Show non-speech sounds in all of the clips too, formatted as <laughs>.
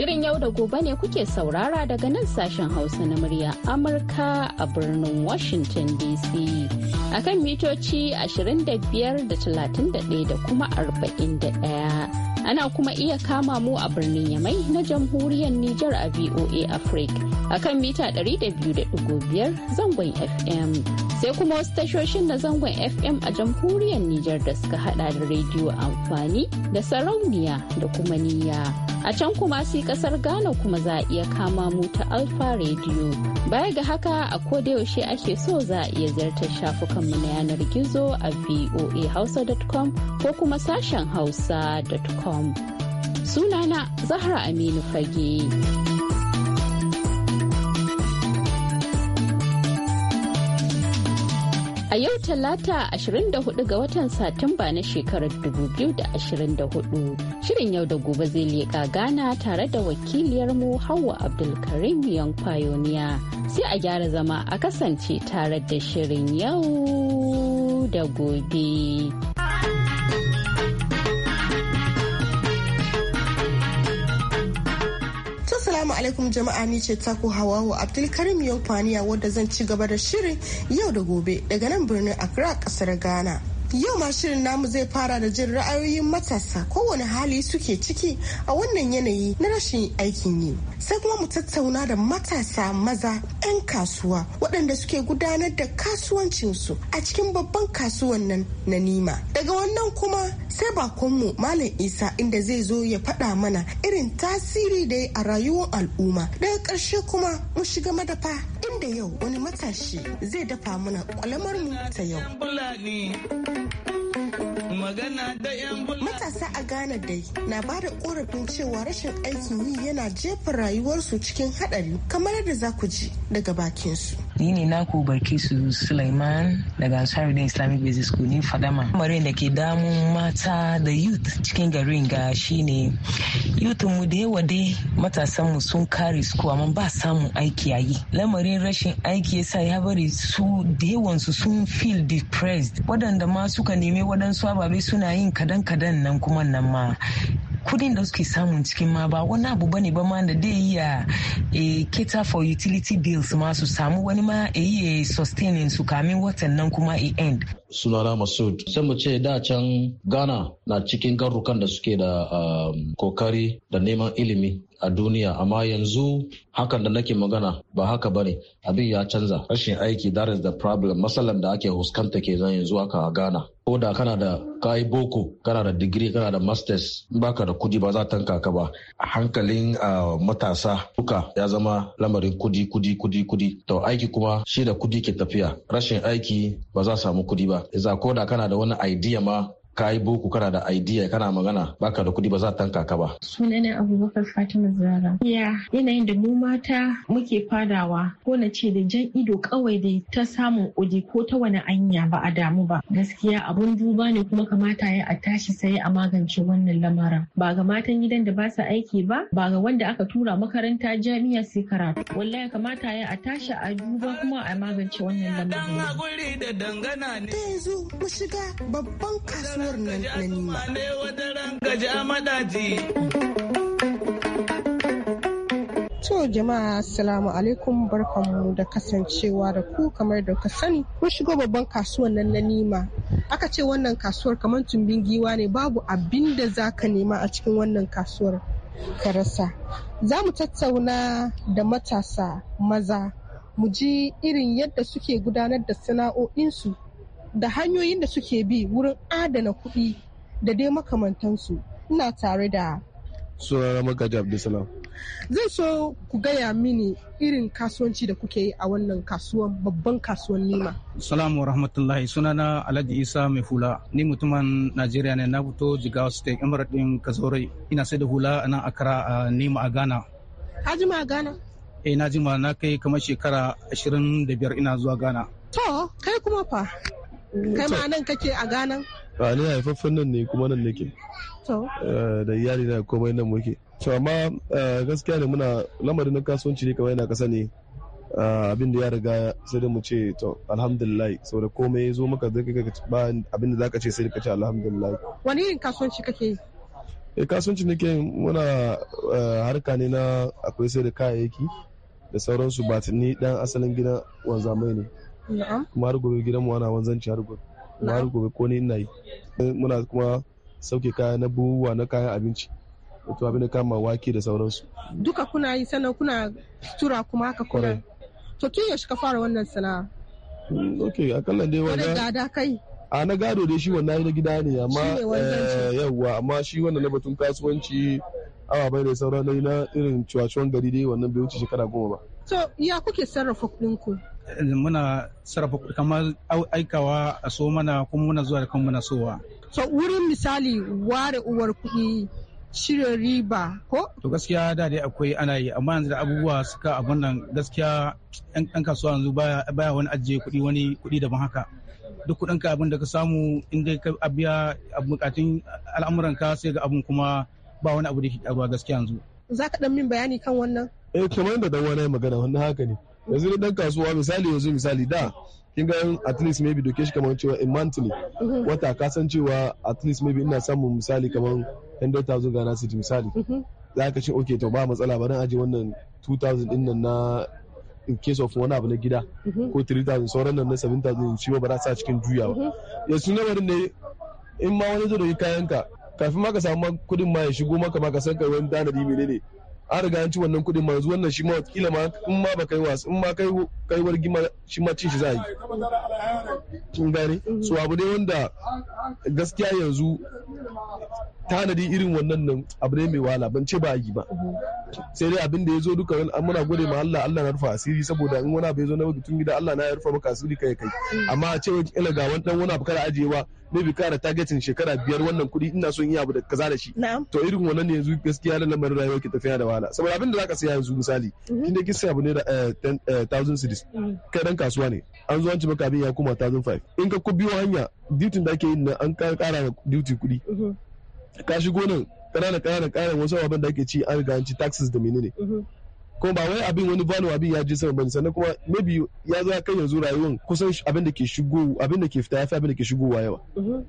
Shirin yau da gobe ne kuke saurara daga nan sashen Hausa na murya Amurka a birnin Washington DC. A kan mitoci 25 da 31 da kuma 41. Ana kuma iya kama mu a birnin Yamai na jamhuriyar Nijar a VOA Africa. a kan mita 200.5 zangon FM. Sai kuma wasu tashoshin na zangon FM a jamhuriyar Nijar da suka hada da rediyo amfani da sarauniya da kuma niya A can kuma sai kasar Ghana kuma za a iya kama mu ta Alfa Radio. Baya ga haka a kodayaushe ake so za a iya ziyartar shafukanmu na yanar gizo a voahausa.com ko kuma sashen hausa.com. Sunana Zahra Aminu Fage. A yau Talata 24 ga watan Satumba na shekarar 2024 shirin yau da gobe zai leƙa gana tare da wakiliyarmu Hauwa Abdulkarim Young Pioneer. Sai a gyara zama a kasance tare da shirin yau da gobe. Assalamu alaikum jama'a ni ce taku hawawo Abdulkarim yau faniya wadda zan ci gaba da shirin yau da gobe daga nan birnin Accra kasar Ghana. Yau ma shirin namu zai fara da jin ra'ayoyin matasa kowane hali suke ciki a wannan yanayi na rashin aikin yi. Sai kuma mu tattauna da matasa maza 'yan kasuwa waɗanda suke gudanar da kasuwancinsu a cikin babban kasuwan nan na Nima. Daga wannan kuma sai bakonmu Malam Isa inda zai zo ya faɗa mana irin tasiri da ya a rayuwar al'umma. Daga karshe kuma mu shiga madafa da yau wani matashi zai dafa mana kwalamar mu ta yau. Matasa a Ghana dai na ba da korafin cewa rashin aikin yi yana jefa rayuwarsu cikin haɗari kamar yadda za ku ji daga bakinsu. ni ne naku barkisu Sulaiman daga Sharuddin Islamic Business School ni Fadama. Lamarin da ke damun mata da youth cikin garin ga shine youth mu da yawa dai matasan mu sun kare su amma ba samun aiki a yi. Lamarin rashin aiki yasa ya bari su da yawan su sun feel depressed. Waɗanda ma suka nemi wadansu ababe suna yin kadan kadan nan kuma nan ma kudin da suke samun cikin ma ba wani abu ne ba ma da dai iya e, cater for utility bills ma su samu wani ma eh, yi a sustaining su kamin watan nan kuma e end sunana masud sai mu ce da can ghana na cikin garrukan da suke da um, kokari da neman ilimi a duniya amma yanzu hakan da nake magana ba haka ba ne abin ya canza rashin aiki that is the problem matsalan da ake huskanta ke zan yanzu haka a ghana ko da kana da kayi boko kana da digiri kana da masters in baka da kudi ba za tanka ka ba hankalin uh, matasa duka ya zama lamarin kudi kudi kudi kudi to aiki kuma shi da kudi ke tafiya rashin aiki ba za samu kudi ba Iza ko da kana da wani idea ma ka yi boko kana da idea kana magana baka da kudi ba za ta tanka ka ba. ne Abubakar Fatima Zara. Ya yanayin da mu mata muke fadawa ko na ce da jan ido kawai da ta samun kudi ko ta wani anya ba a damu ba. Gaskiya abun duba ne kuma kamata ya a tashi sai a magance wannan lamarin. Ba ga matan gidan da ba su aiki ba, ba ga wanda aka tura makaranta jami'a sai karatu. Wallahi kamata ya a tashi a duba kuma a magance wannan lamarin. Ta yanzu mu shiga babban kasuwa. mutuwar To jama'a assalamu alaikum barkanmu da kasancewa da ku kamar da ka sani kun shigo babban kasuwar nan na nima aka ce wannan kasuwar kamar tumbin giwa ne babu abin da za ka nema a cikin wannan kasuwar ka rasa za mu tattauna da matasa maza mu ji irin yadda suke gudanar da sana'o'insu da hanyoyin da suke bi wurin adana kuɗi da dai makamantansu ina tare da sunana magaji abdulsalam zai so ku gaya mini irin kasuwanci da kuke yi a wannan kasuwan babban kasuwan nima salamu wa rahmatullahi sunana alhaji isa mai hula ni mutumin najeriya ne na fito jigawa state emirate din kazorai ina sai da hula a nan akara a nima a ghana hajima a ghana eh na jima na kai kamar shekara 25 ina zuwa ghana to kai kuma fa Mm. kai ma nan kake a ganan a ni haifaffen nan ne kuma nan nake eh, da iyali na komai nan muke to amma eh, gaskiya ne muna lamarin na kasuwanci ne kamar yana kasa ne eh, abin da ya riga sai da mu ce to alhamdulillah saboda komai ya zo maka zai ka ba abin da zaka ce sai ka ce alhamdulillah wani yin kasuwanci kake yi eh kasuwanci nake muna harka ne na akwai sai da kayayyaki da sauransu ba ni dan asalin gidan wanzamai ne kuma har gobe gidan mu ana wanzanci har gobe kuma har gobe ko ne ina yi muna kuma sauke kaya na buwa na kayan abinci wato abin da kama wake da sauransu duka kuna yi sannan kuna tura kuma haka kuma to tun yaushe ka fara wannan sana'a mm, ok akalla dai wannan gada kai a na gado dai shi wannan na gida ne amma eh, yawwa amma shi wannan na batun kasuwanci awa bai da sauran na irin cuwacuwan gari dai wannan bai wuce shekara goma ba. to ya kuke sarrafa kuɗin ku? muna sarrafa kamar aikawa a so mana kuma muna zuwa da kan muna sowa. So wurin misali ware uwar kuɗi cire riba ko? To gaskiya da dai akwai ana yi amma yanzu da abubuwa suka abun nan gaskiya ɗan kasuwa yanzu baya wani ajiye kuɗi wani kuɗi daban haka. Duk ka abin da ka samu in dai ka biya bukatun al'amuranka sai ga abin kuma ba wani abu da ke gaskiya yanzu. Za ka ɗan min bayani kan wannan? Eh kamar da dan wani magana wannan haka ne. yanzu dan kasuwa misali yanzu misali da kin ga at least maybe doke shi kamar cewa in monthly mhm. wata ka san cewa at least maybe ina samun misali kamar 100,000 Ghana city misali mhm. za ka ce okay to ba matsala ba dan aje wannan 2,000 din nan na in case of wani abu na gida mhm. ko 3,000 sauran nan na 7,000 shi ba za sa cikin juyawa ya suna barin ne in ma wani zo da kayan ka kafin ma ka samu kudin ma ya shigo maka ma ka san kai wani tanadi ne an riga an ci wannan kuɗin ma yanzu wannan shi ma watakila ma in ma ba kai wasu in ma kai kai wargi ma shi ma cin shi za a yi kin gane abu dai wanda gaskiya yanzu tanadi irin wannan nan abu ne mai wahala ban ce ba yi ba sai dai abin da ya zo duka an muna gode ma Allah Allah na rufa asiri saboda in wani abu ya zo na tun gida Allah na ya rufa maka asiri kai kai amma a ce wani ila ga wani dan wani abu kada ajiyewa ne bi kara targetin shekara biyar wannan kuɗi ina son yi abu da kaza da shi to irin wannan ne yanzu gaskiya da lamarin rayuwa ke tafiya da wahala saboda abin da zaka saya yanzu misali mhm. kin da kisa abu ne da 1000 eh, eh, cedis mhm. kai dan kasuwa ne an zo an ci maka abin ya koma 1005 in ka ku biyo hanya duty da ake yin nan an kara duty kudi mhm. ka shigo nan kana ƙananan ƙarin wasu abin da ake ci an riga ci taxes da menene mm-hmm. kuma ba wai abin wani value abin ya ji sama bane sannan kuma maybe ya zo kai yanzu rayuwar kusan abin da ke shigo abin da ke fita ya fi abin da ke shigowa yawa mm-hmm.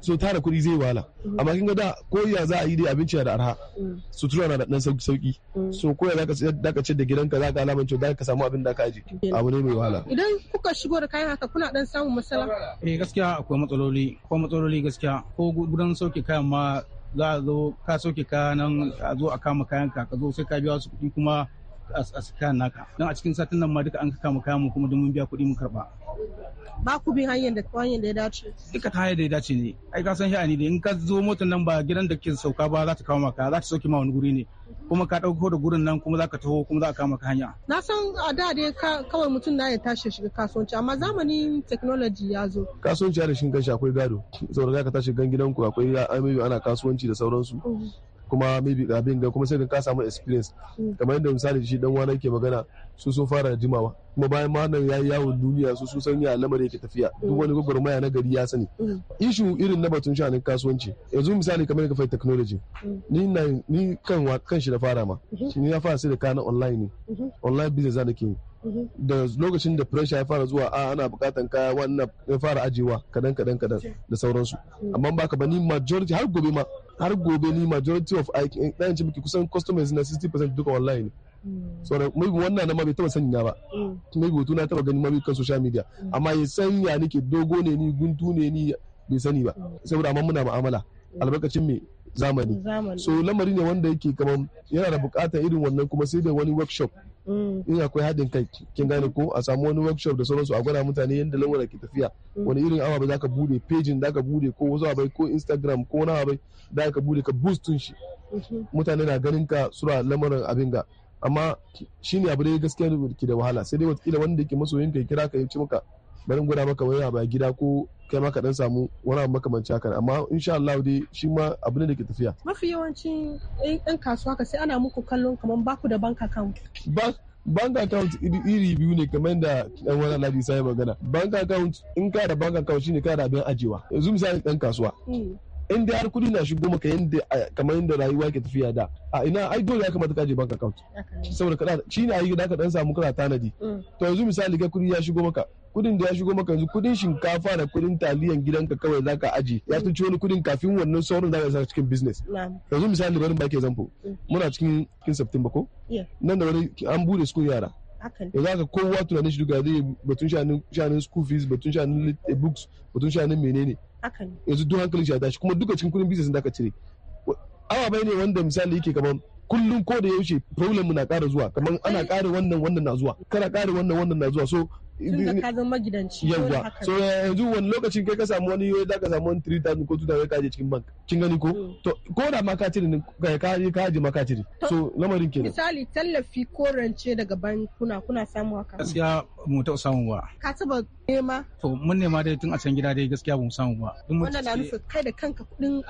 so tara kuɗi zai wala mm. amma kin ga da ko ya za a yi dai abinci da arha mm. sutura na da dan sauki mm. so ko ya za ka ce da gidanka za ka alamance za ka samu abin da ka aje abu ne mai wala idan kuka shigo da kayan haka kuna dan samun matsala eh gaskiya akwai matsaloli ko matsaloli gaskiya ko gudan sauke kayan ma za a zo ka sauke kayan nan a zo a kama kayan ka ka zo sai ka biya su kuɗi kuma a sakan naka don a cikin satin nan ma duka an kama kayan kuma don mun biya kuɗi mun karɓa. ba ku bi hanyar da hanyar da ya dace duka ta hanyar da ya dace ne ai ka san sha'ani ne in ka zo motar nan ba gidan da ke sauka ba za ta kawo maka za ta sauke ma wani guri ne kuma ka ɗauko da gurin nan kuma za ka taho kuma za ka kama ka hanya. Na san a da dai kawai mutum na ya tashi shiga kasuwanci amma zamanin technology ya zo. Kasuwanci da shin kanshi akwai gado saboda za ka tashi gan gidanku akwai amayu ana kasuwanci da sauransu mm. kuma maybe abin ga kuma sai ka samu experience mm. kamar yadda misali shi dan wani ke magana su sun fara jimawa kuma bayan ma nan yayi yawon duniya su sun sanya lamari yake tafiya duk mm. wani gwagwarmaya na gari ya sani mm. ishu irin na batun shanin kasuwanci yanzu misali kamar ka fai technology mm-hmm. ni na ni kan kan shi da fara ma shi ni ya fara sai da kana online ne mm-hmm. online business da ke yi da lokacin da pressure ya fara zuwa a ana bukatan kaya wannan ya fara ajewa kadan kadan kadan da sauransu amma baka ba ni majority har gobe ma har gobe ni majority of aiki ɗayan ji miki kusan customers na 60% duka online ne so maybe wannan na ma bai taba sanya ba maybe hoto na taba gani ma bai kan social media amma ya sanya nake dogo ne ni guntu ne ni bai sani ba saboda amma muna mu'amala Mm. albarkacin mai zamani so lamari ne wanda yake kamar yana da bukatar irin wannan kuma sai da wani workshop mm. in akwai haɗin kai kin gane ko a samu wani workshop da sauransu a gwada mutane yadda lamura ke tafiya mm. wani irin awa za ka bude pejin da ka bude ko wasu abai ko instagram ko wani abai da ka bude ka boostin shi mm-hmm. mutane na ganin ka sura lamarin abin ga amma shine abu da gaskiya ne da wahala sai dai wata wanda yake masoyin ka ya kira ka ya ci maka barin gwada maka wani abu a gida ko kai ma dan samu wani abu makamanci haka amma insha Allah dai shi ma ne da ke tafiya mafi yawancin yan kasuwa ka sai ana muku kallon kaman baku da bank account bank account iri biyu ne kamar da ɗan wani alhaji sai magana bank account in ka da bank account shine ka da abin ajewa yanzu misali ɗan kasuwa hmm. in dai har kudi na shigo maka yanda kamar yanda rayuwa ke tafiya da a ina ai dole ya kamata kaje bank account saboda kada shi ne ayi da ka dan samu kana tanadi mm. to yanzu misali ga kudi ya shigo maka kudin da ya shigo maka yanzu kudin shinkafa da kudin taliyan gidanka kawai zaka aje ya tunci mm. wani kudin kafin wannan sauran zaka sa cikin business yanzu misali bari ba ke mm. muna cikin cikin September ko nan da wani an bude school yara yanzu haka kowa tunanin shi duka zai batun shanin school fees batun shanin books batun shanin menene yanzu duk hankalin shi ya tashi kuma duka cikin kudin business da aka cire ababai ne wanda misali yake kaman kullum ko da yaushe problem na ƙara zuwa kamar ana ƙara wannan wannan na zuwa kana ƙara wannan wannan na zuwa so ka zama magidanci yawa so eh, yanzu wani lokacin kai ka samu wani yoyi ka samu wani 3000 ko 2000 ka je cikin bank kin gani ko mm. to ko da ma ka cire ne ka ka je ma ka cire so lamarin kenan misali tallafi ko rance daga bankuna kuna samu haka gaskiya mu ta samu ba ka taba nema to mun nema dai tun a can gida dai gaskiya bamu samu ba wannan na nufin kai da kanka kudin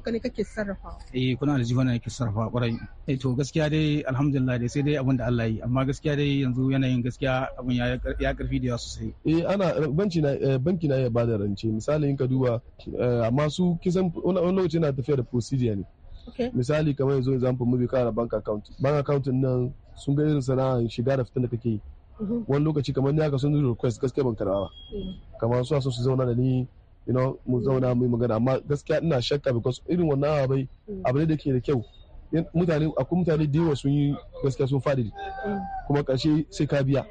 ka ne kake sarrafawa eh kudin aljihun ne kake sarrafawa kwarai eh to gaskiya dai alhamdulillah dai sai dai abin da Allah yi amma gaskiya dai yanzu yanayin gaskiya abin ya karfi da yasu sosai eh ana banki na eh, banki na ya bada rance misali in ka duba eh, amma su kisan wani lokaci na tafiya da procedure ne misali kamar yanzu example mu bi kana bank account bank account nan sun ga irin sana'a shiga da fitan da kake yi Mhm. wani lokaci kamar ni haka sun yi request gaskiya ban karba ba mm. kamar su so su zauna da ni you know mu mm. zauna mu yi magana amma gaskiya ina shakka because irin wannan bai mm. abu ne da ke da kyau mutane akwai mutane da yawa sun yi gaskiya sun fadi kuma karshe sai ka biya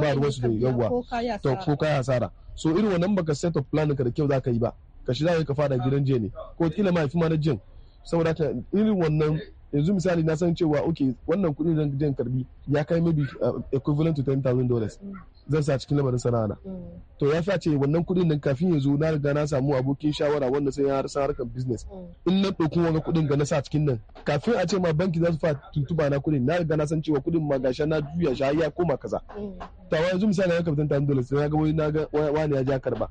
ba ruwan su da yawa to ko kaya asara so irin wannan baka set up plan ka da kyau zaka yi ba kashi za ka fada gidan je ne ko kila ma yafi ma na jin saboda irin wannan yanzu misali na san cewa ok wannan kudin zan jan karbi ya kai maybe uh, equivalent to 10,000 dollars zan sa cikin lamarin sana'a to ya fi ce wannan kudin nan kafin yanzu na riga na samu abokin shawara wanda sai ya san harkar business in na ɗauki wani kudin ga na sa cikin nan kafin a ce ma banki za su fa tuntuba na kudin na riga na san cewa kudin ma gashi na juya shi ya koma kaza mm. tawa yanzu misali na karbi 10,000 dollars na ga wani ya ja karba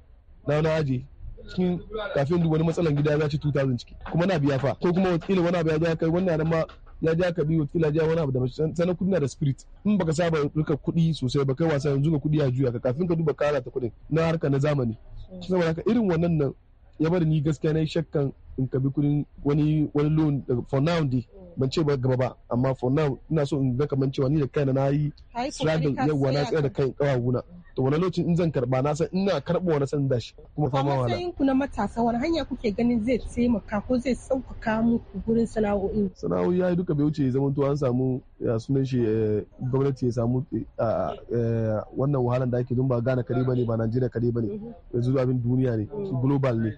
na wani aji cikin kafin duk wani matsalan gida ya ci 2000 ciki kuma na biya fa ko kuma wakilin wani abu ya ja kai wannan ma ya ja ka biyu wakilin ja wani abu da sanar kudi na da spirit in baka saba rika kudi sosai ba kai wasa yanzu ga kudi ya juya ka kafin ka duba kara ta kudin na harka na zamani saboda haka irin wannan nan ya bar ni gaskiya na yi shakkan in ka bi kudin wani wani loan for now dai ban ce ba gaba ba amma for now ina so in ga kamar cewa ni da kaina na yi struggle yawa na tsaya da kai kawaguna to wani lokacin in zan karba na san ina karba wani san dashi kuma fama wala sai ku na matasa wani hanya kuke ganin zai taimaka ko zai sauƙaƙa muku gurin sana'o'i sana'o'i yayi duka bai wuce zaman to an samu ya sunan shi eh, gwamnati ya samu eh, eh, wannan wahalan da ake dun ba Ghana kare bane ba Najeriya kare bane mm-hmm. yanzu abin duniya ne mm. global ne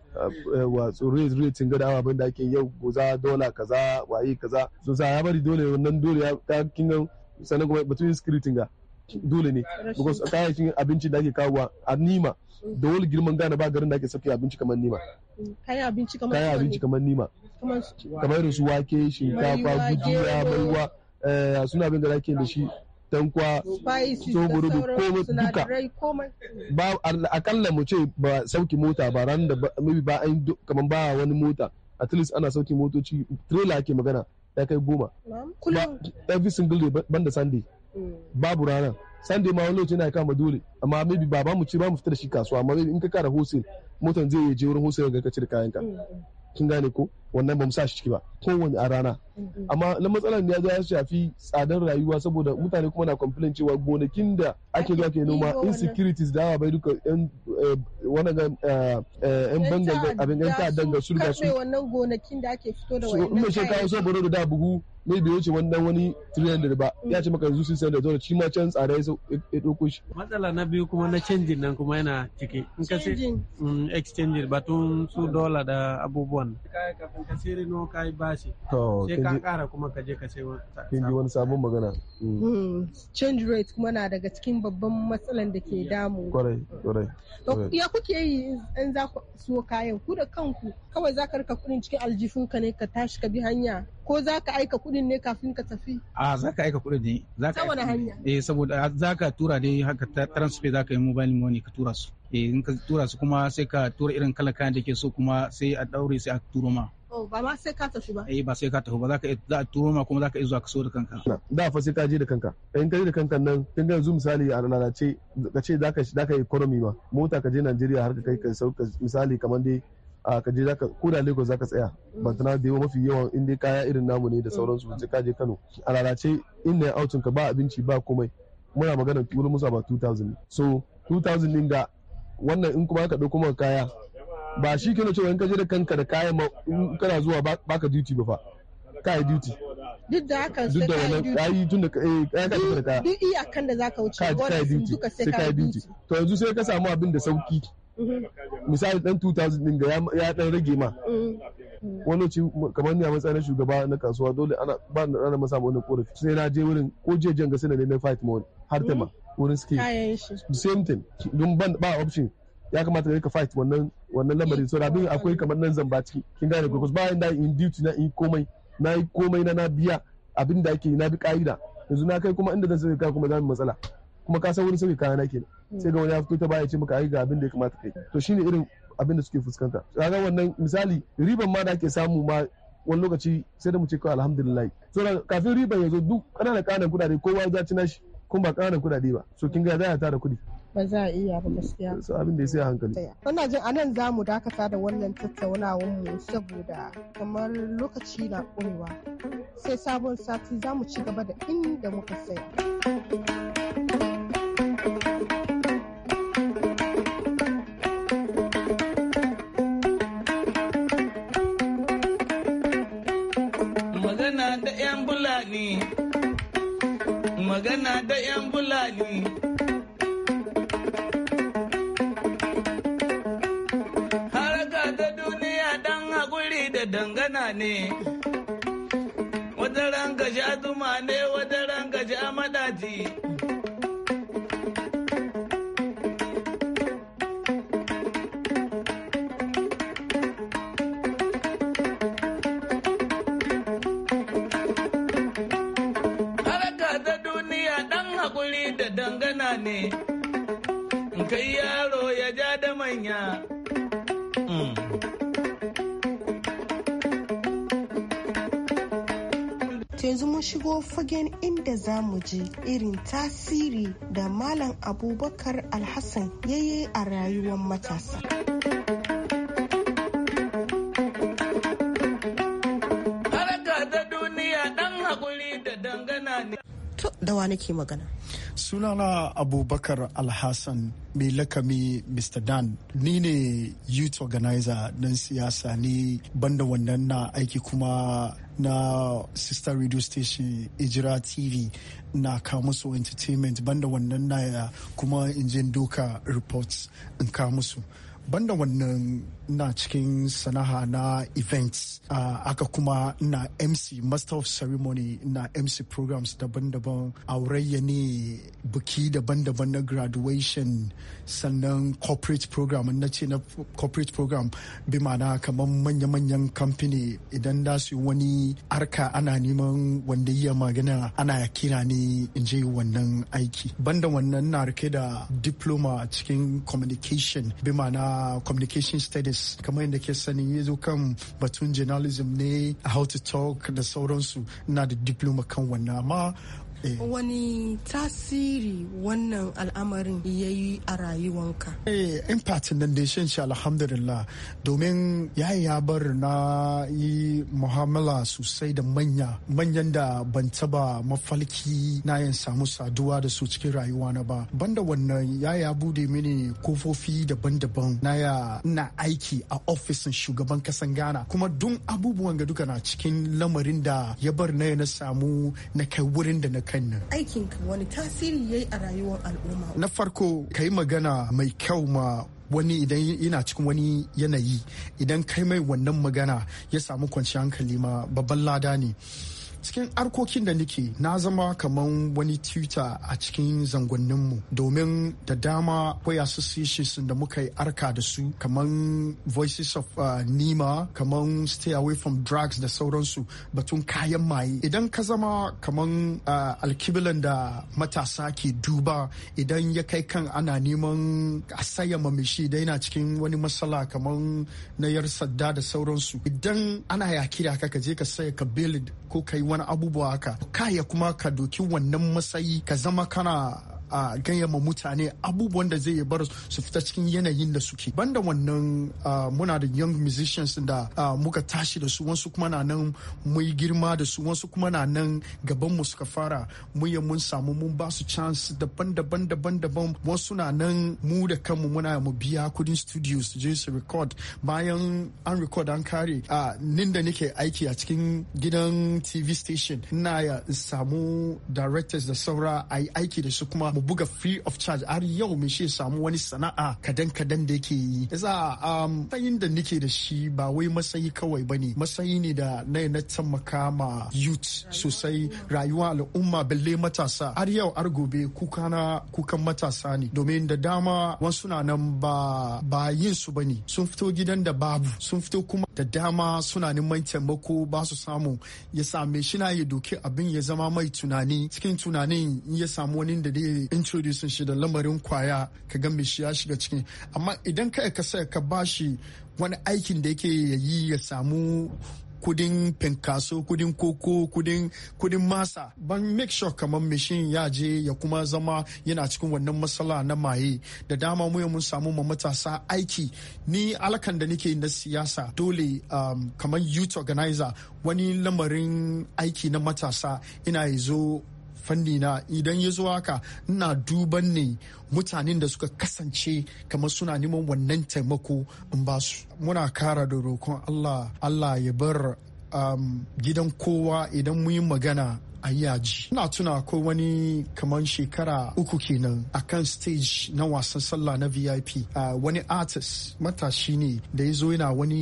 wa rate rate ga da abin da ake yau goza dola kaza waye kaza sun sa ya bari dole wannan dole ya kinga sannan kuma batun screening ga dole ne because kayayyakin abinci da ake kawo a nima da wani girman gane ba garin da ake sauke abinci kamar nima mm, kayan abinci kamar nima kamar irin su wake shinkafa gujiya maiwa eh, suna abin da ake da shi tankwa tsoburu da komai duka ba akalla mu ce ba sauki mota ba ran da maybe ba an kamar ba wani mota at least ana sauki motoci trailer ake magana ya kai goma every single day banda sunday babu ranar sunday ma wani lokaci na kama dole amma maybe baba mu ci ba mu fita da shi kasuwa amma maybe in ka kara wholesale motan zai je wurin wholesale ga ka cire kayan ka mm. kin gane ko wannan ba mu sa shi ciki ba kowane a rana amma na matsalar ne ya shafi tsadar rayuwa saboda mutane kuma na complain cewa gonakin da ake zuwa ke noma insecurities da bai duka yan eh, wannan ga eh, eh, yan bangan abin yan ta danga su riga su wannan gonakin da ake fito da wannan in mai shekaru saboda da da bugu bai wuce wannan wani 300 ba mm. ya ce maka yanzu sun sayar da zuwa shi ma can tsada ya ɗauko shi. matsala na biyu kuma na canjin nan kuma yana ciki in ka ce mm, exchange batun su dola da abubuwan ka sai no ka yi bashi sai ka kara kuma ka je ka sai sabon magana mm. Mm. change rate kuma na daga cikin babban matsalan da ke damu ya kuke yi in za ku so kayan ku da kanku kawai za ka rika kudin cikin aljifin ka ne ka tashi ka bi hanya ko za ka aika kuɗin ne kafin ka tafi? A za ka aika kuɗin ne. Saboda hanya. Eh saboda za ka tura dai haka transfer za ka yi mobile money ka tura su. Eh in ka tura su kuma sai ka tura irin kala kayan da ke so kuma sai a daure sai a turo ma. ba ma sai ka tafi ba. Eh ba sai ka tafi ba za ka za a turo ma kuma za ka iya zuwa ka so da kanka. Da fa sai ka je da kanka. In ka je da kanka nan kin ga yanzu misali a lalace ka ce za ka yi economy ma mota ka je Najeriya har ka kai ka sauka misali kamar dai a kaje zaka ko da Lagos zaka tsaya ban tana da yawa mafi yawan inda kaya irin namu ne da sauransu ba mm. ka je Kano a lalace inda ya autin ka ba abinci ba komai muna magana wurin musa ba 2000 so 2000 din da wannan in kuma ka dauko maka kaya ba shi kina cewa in ka je da kanka da kayan ma in kana zuwa ba ka duty ba fa kai duty duk da haka sai kai duty yi tun da eh kai ka da kaya duk iyakan da zaka wuce wannan duka sai kai duty to yanzu sai ka samu abin da sauki misali dan 2000 din ga ya dan rage ma mm. wani ci kamar ni a matsayin shugaba na kasuwa dole ana ba na rana masa wani korafi sai na je wurin ko je jan gasa ne na fight ma har tema mm. wurin suke same thing don ban ba option ya kamata ka fight wannan wannan lamarin so abin akwai kamar nan zamba ciki kin gane ko ba inda in duty na in komai na yi komai na na biya abinda ake na bi ka'ida yanzu na kai kuma inda zan sai kuma zan matsala kuma ka san wani sauke kayana kenan hmm. sai ga wani ya fito ta baya ce maka ai ga abin da ya kamata kai to shine irin abin da suke fuskanta kaga wannan misali riban ma da ake samu ma wani lokaci sai da mu ce kawai alhamdulillah so kafin riban ya zo duk ƙananan kudade ko kowa ya ci nashi kuma ba ƙananan kudade ba so kin ga za a tara kuɗi ba za a iya ba gaskiya. so abin da ya sai hankali. Wannan jin anan za mu dakata da wannan tattaunawar mu saboda kamar lokaci na ƙurewa. Sai sabon sati za mu ci gaba da inda muka tsaya. da dangana ne wata ranka shi azuma ne duniya ɗan hakuri da dangana ne kai yaro ya ja da manya yanzu mun shigo fagen inda za mu ji irin tasiri da Malam Abubakar Alhassan yayi a rayuwar matasa. da wa nake magana. Sunana Abubakar Alhassan mai lakami Mr. Dan ni ne youth organizer don siyasa ni banda wannan na aiki kuma na sister radio station ijira tv na kamusu entertainment banda wannan na kuma in je doka reports in kamusu banda wannan ina cikin sanaha na events uh, aka kuma na mc master of ceremony na mc programs daban-daban aurayya ne buki daban-daban na graduation sannan corporate program na ce na corporate program bi mana kamar manya-manyan kamfani idan da su wani arka ana neman wanda iya magana ana kira ne in je wannan aiki banda wannan na rike da diploma cikin communication bi mana communication studies kamar yadda ke sani ya zo kan batun journalism ne how to talk da sauransu na da diploma kan wannan amma Eh. wani tasiri wannan al'amarin ya yi a rayuwanka eh impact nan da shan shi alhamdulillah domin ya ya bar na yi muhammala sosai da manya manyan da ban taba mafalki na yin samu saduwa da su cikin rayuwa na ba banda wannan ya ya bude mini kofofi daban-daban na ya na aiki a ofisin shugaban kasan ghana kuma dun abubuwan ga duka na cikin lamarin da ya bar na na samu na kai wurin da na kan nan aikinka wani tasiri yayi a rayuwar al'umma na farko ka yi magana mai kyau ma wani idan yana cikin wani yanayi idan kai mai wannan magana ya samu kwanciyar hankali ma babban lada ne cikin arkokin da nake na zama kamar wani twitter a cikin zangonninmu domin da dama akwai associations da muka yi arka da su kamar voices of uh, nima kamar stay away from drugs da sauransu batun kayan maye idan ka zama kamar uh, alkibilan da matasa ke duba idan ya kai kan ana neman a saya mamishi idan yana cikin wani matsala kamar na yar sadda da sauransu idan ana yaki da ka je ka saya ka bilid ko kai wani abubuwa haka ka ya kuma ka doki wannan matsayi ka zama kana a gaya ma mutane abubuwan da zai bar su fita cikin yanayin da suke banda wannan muna da young musicians da muka tashi da su wasu kuma na nan mun girma da su wasu kuma na nan gaban mu suka fara muyi mun samu mun ba su chance daban-daban daban-daban wasu na nan mu da kanmu muna mu biya kudin studio su je su record bayan an record an kare a nin da nake aiki a cikin gidan tv station ina ya samu directors da saura a aiki da su kuma mu buga free of charge har yau mun shi samu wani sana'a kadan kadan da yake yi yasa um, tsayin da nike da shi ba wai masayi kawai bane masayi ne da na na taimaka ma youth sosai rayuwa al'umma balle matasa har yau har gobe kuka na kukan matasa ne domin da dama wasu na nan ba ba yin su bane sun fito gidan da babu sun fito kuma da dama suna neman taimako ba su samu ya same shi na ya doke abin ya zama mai tunani cikin tunanin ya samu wani da introducing shi da lamarin kwaya ka ga me shi ya shiga cikin amma idan kai ka sai ka bashi wani aikin da yake yi ya samu kudin pinkaso kudin koko kudin kudin masa ban make sure kamar mishin ya je ya kuma zama yana cikin wannan matsala na maye da dama mu mun samu ma matasa aiki ni alakan da nake na siyasa dole um, kamar youth organizer wani lamarin aiki na matasa ina zo fanni na idan ya zo haka ina duban ne mutanen da suka kasance kamar suna neman wannan taimako in ba su muna kara da roƙon allah allah ya bar um, gidan kowa idan muyi magana a yaji ina tuna ko wani kamar shekara uku kenan a kan stage na wasan sallah na vip uh, wani artist matashi ne da ya zo yana wani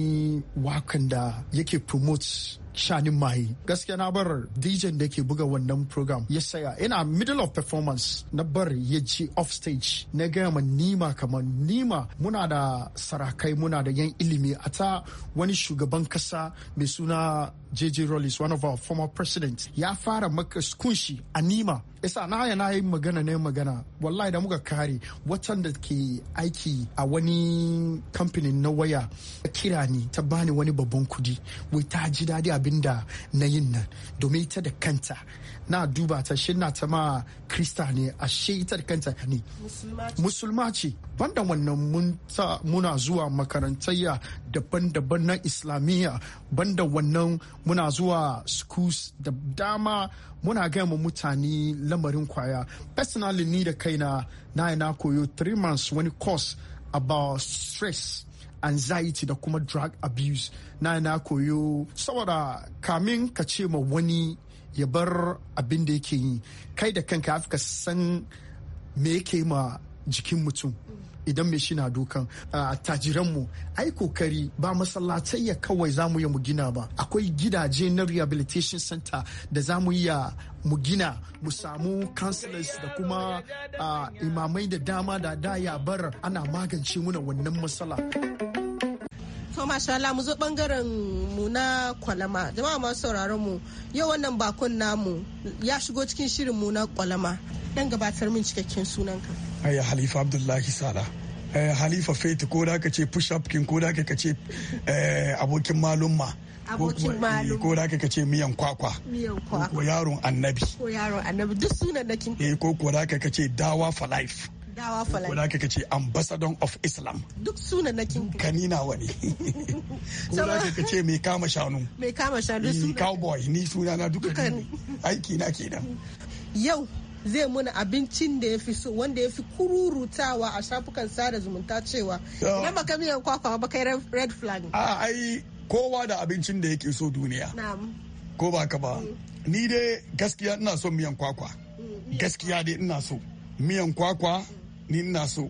wakan da yake promote shanin maye gaskiya na bar dj da ke buga wannan program ya saya ina middle of performance na bar ya ji off stage na gaya ma nima kamar nima muna da sarakai muna da yan ilimi a ta wani shugaban kasa mai suna JJ Rawlings one of our former president ya fara maka kunshi a nima yasa na ya na yi magana ne magana wallahi da muka kare watan da ke aiki a wani kamfanin na waya kira ni ta bani wani babban kudi wai ta ji daɗi abin da na yin nan domin ita da kanta na duba ta shi na ta ma krista ne a ita da kanta ne musulma ce banda wannan muna zuwa makarantayya daban-daban na islamiyya banda wannan muna zuwa schools da dama muna gama mutane lamarin kwaya personally ni da kaina na na koyo three months wani course about stress anxiety da kuma drug abuse na na koyo saboda kamin ka ce ma wani ya bar abin da yake yi kai da kanka ka san me yake ma jikin mutum idan mai shina dukan tajiranmu ai kokari ba masallatai ya kawai za mu mu gina ba akwai gidaje na rehabilitation center da za mu iya mu gina mu samu counselors da kuma imamai da dama da daya bar ana magance muna wannan matsala. To masha Allah mu zo bangaren mu na kwalama. Jama'a masu sauraron mu yau wannan bakon namu ya shigo cikin shirin mu na kwalama. Dan gabatar min cikakken sunanka. ayya Halifa Abdullahi Sala. Halifa Faith ko da ka ce push up kin ko da ka ce eh, abokin eh, malumma. ko da ka ce miyan kwakwa ko yaron annabi ko yaron annabi duk sunan da kin eh, ko ko da ka ce dawa for life dawa fulani kuna kika ce ambassador of islam duk sunan na kin kanina wani kuna kika ce mai kama shanu mai kama shanu ni cowboy ni suna na duka aiki na kenan yau zai muna abincin da ya fi so wanda ya fi kururutawa a shafukan sada zumunta cewa idan baka miyan kwakwa ba kai red flag a ai kowa da abincin da yake so duniya ko ba ka ba mm. ni dai gaskiya ina son miyan kwakwa mm. gaskiya dai ina so miyan kwakwa mm. ni ina so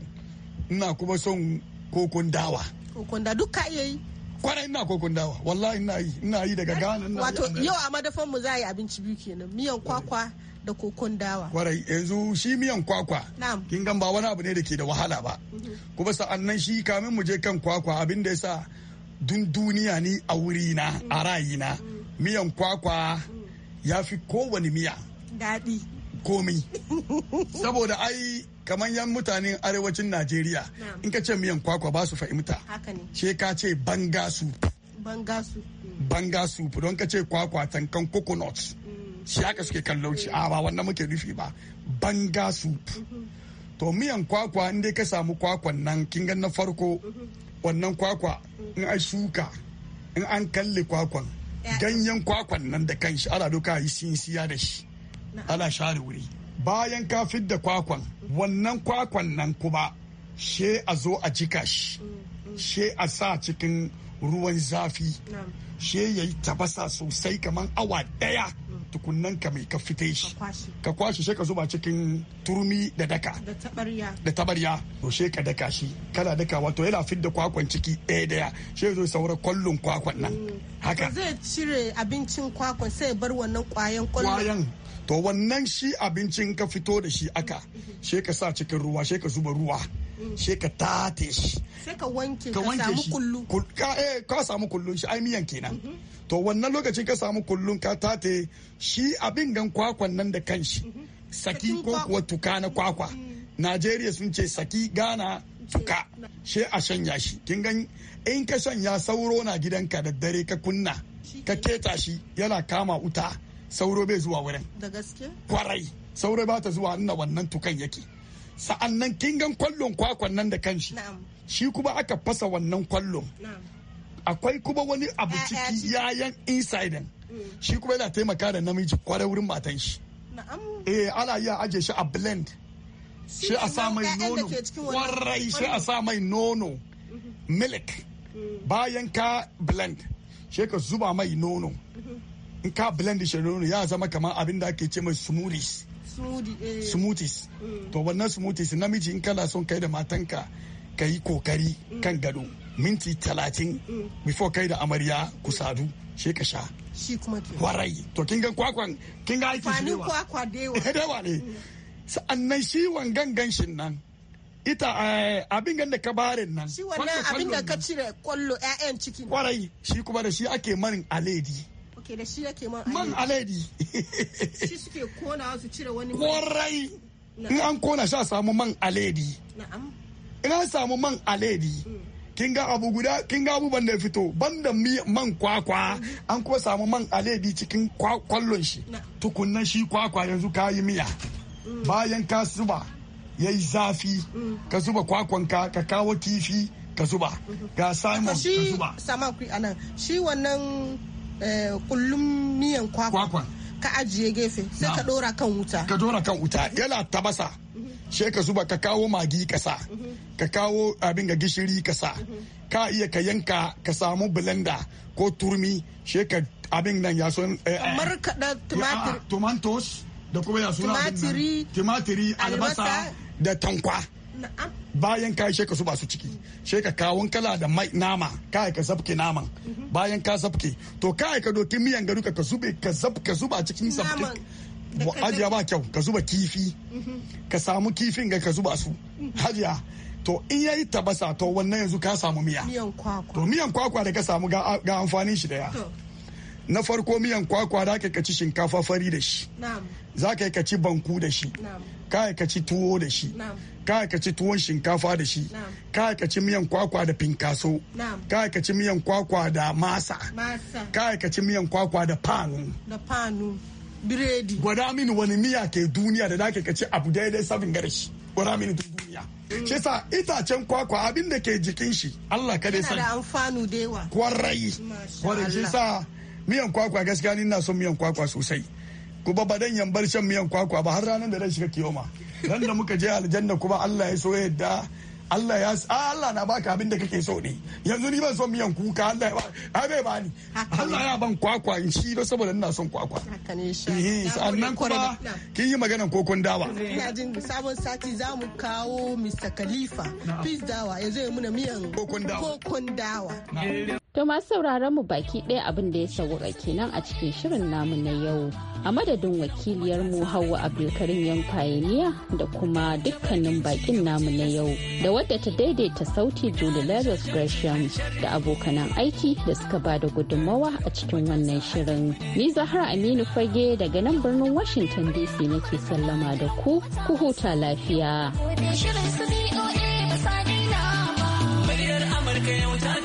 ina kuma son kokon dawa kokon da duka iya yi kwarai ina kokon dawa wallahi ina yi ina yi daga Ghana ina wato yau a madafan mu za a yi abinci biyu kenan miyan kwakwa da kokon dawa kwarai yanzu shi miyan kwakwa kin gan ba wani abu ne da ke da wahala ba mhm. kuma sa'annan shi kamin mu je kan kwakwa abin da yasa dun duniya ni a wurina mhm. a na mhm. miyan kwakwa ya fi kowane miya daɗi komi <laughs> saboda ai kamar yan mutanen arewacin najeriya in ka ce miyan kwakwa ba su fahimta Shi ka ce banga soup banga don ka ce kwakwa tankan coconut mm. shi haka suke kallon shi a ah, ba wannan muke nufi ba banga mm-hmm. to miyan kwakwa in ka samu kwakwan nan kin ga na farko mm-hmm. wannan kwakwa in ai shuka in an kalle kwakwan ganyen kwakwan nan da kanshi ana doka yi sinsiya da shi ana share wuri bayan ka da kwakwan wannan kwakwan nan kuma she a zo a jika shi she a sa cikin ruwan zafi she ya yi tabasa sosai kamar awa daya tukunnan ka mai ka fite shi ka kwashe shi ka zuba cikin turmi da daka da tabarya to she ka daka shi kana daka wato yana fidda kwakwan ciki ɗaya daya she zo saura kwallon kwakwan nan mm. haka zai cire abincin kwakwan sai bar wannan kwayan kwallon to wannan shi abincin ka fito da shi aka she ka sa cikin ruwa she ka zuba ruwa she ka tate shi ka wanke ka samu kullu eh, ka samu kullun shi ai miyan kenan to wannan lokacin ka samu kullun ka tate shi abin gan kwakwan nan da kanshi mhm. saki ko kuwa tuka na kwakwa mm. Najeriya sun ce saki gana tuka she a shanya shi kin gan in ka shanya sauro na gidanka da dare ka kunna ka keta shi yana kama wuta sauro bai zuwa wurin kwarai sauro ba ta zuwa inda wannan tukan yake sa'an nan kingan kwallon kwakwan nan da kanshi shi kuma aka fasa wannan kwallon akwai kuma wani abu ciki yayan insidin mm. shi kuma yana taimaka da namiji kwarai wurin matan shi eh ana iya aje shi a blend shi a sa mai nono kwarai shi a sa mai nono milk mm. bayan ka blend shi ka zuba mai nono mm-hmm. in ka blend shi nono ya zama kamar abin da ake ce mai smoothies eh. smoothies mm. to wannan smoothies namiji in kana son kai da matanka ka yi kokari mm. kan gado minti talatin mm. before kai da amarya ku sadu she ka sha shi kuma ke warai to kin ga kwakwan kin ga aiki shi kwakwa dewa <laughs> dewa ne sa'annan shi wangan ganshin nan ita eh, abin gan da kabarin nan shi wannan abin da ka cire kwallo ƴaƴan ciki warai shi kuma da shi ake manin aledi ke da shi yake man man aledi shi suke kona su cire wani korai in an kona sha samu man alaidi na'am in an samu man alaidi hmm. kin ga abu guda kin ga abubuwan da ya fito banda man kwakwa hmm. an kuma samu man alaidi cikin kwallon shi tukunna shi kwakwa yanzu ka yi miya hmm. bayan ka zuba ya yi zafi ka zuba kwakwanka ka kawo kifi ka zuba ga simon ka zuba shi wannan Eh, kullum miyan kwakwa ka ajiye gefe sai ka dora kan wuta ka dora kan wuta yana tabasa she ka zuba ka kawo magi ka sa ka kawo abin ga gishiri ka sa ka iya ka yanka ka samu blender ko turmi she ka abin nan ya so eh, kamar ka tumatir ah, tomatoes da kuma ya suna tumatiri albasa da tankwa bayan ka sheka su su ciki sheka kawon kala da mai nama kai ka zabke naman mhm. bayan ka zabke to kai ka doki miyan gari ka zube ka ka zuba cikin zabke ajiya ba kyau ka zuba kifi mhm. ka samu kifin ga ka zuba su mhm. hajiya to in yayi tabasa to wannan yanzu ka samu miya to miyan kwakwa da ka samu ga amfanin shi da ya na farko miyan kwakwa da ka ci shinkafa fari da shi za ka yi ka ci banku da shi ka ka ci tuwo da shi ka ci tuwon shinkafa da shi ka ci miyan kwakwa da pinkaso. ka ci miyan kwakwa da masa ka ci miyan kwakwa da panu da biredi gwada mini wani miya ke duniya da dake ka ci abu daidai sabin shi gwada mini duniya mm. shi sa itacen kwakwa abin da ke jikin shi Allah kada sani yana da amfanu da yawa kwarai kwarai shi sa miyan kwakwa gaskiya ni na son miyan kwakwa sosai kuma ba dan yambar shan miyan kwakwa ba har ranar da zan shiga kiyoma nan da muka je aljanna kuma Allah ya so yadda Allah ya sa Allah na baka abin da kake so ne yanzu ni ban son miyan kuka Allah ya ba bai bani Allah ya ban kwakwa in shi da saboda ina son kwakwa eh sannan kuma kin yi maganar kokon dawa ina jin sabon sati za mu kawo Mr Khalifa peace dawa yanzu ya muna miyan kokon dawa kokon dawa To masu sauraron mu baki ɗaya abin da ya sauwaka kenan a cikin shirin namu na yau. A madadin wakiliyar mu Hauwa Abdulkarim Yankwayeniya da kuma dukkanin bakin namu na yau da wadda ta daidaita sauti Julie Lazarus Gresham da abokanan aiki da suka ba da gudunmawa a cikin wannan shirin. Ni Zahra Aminu Fage daga nan birnin Washington DC nake sallama da ku, ku huta lafiya. Amurka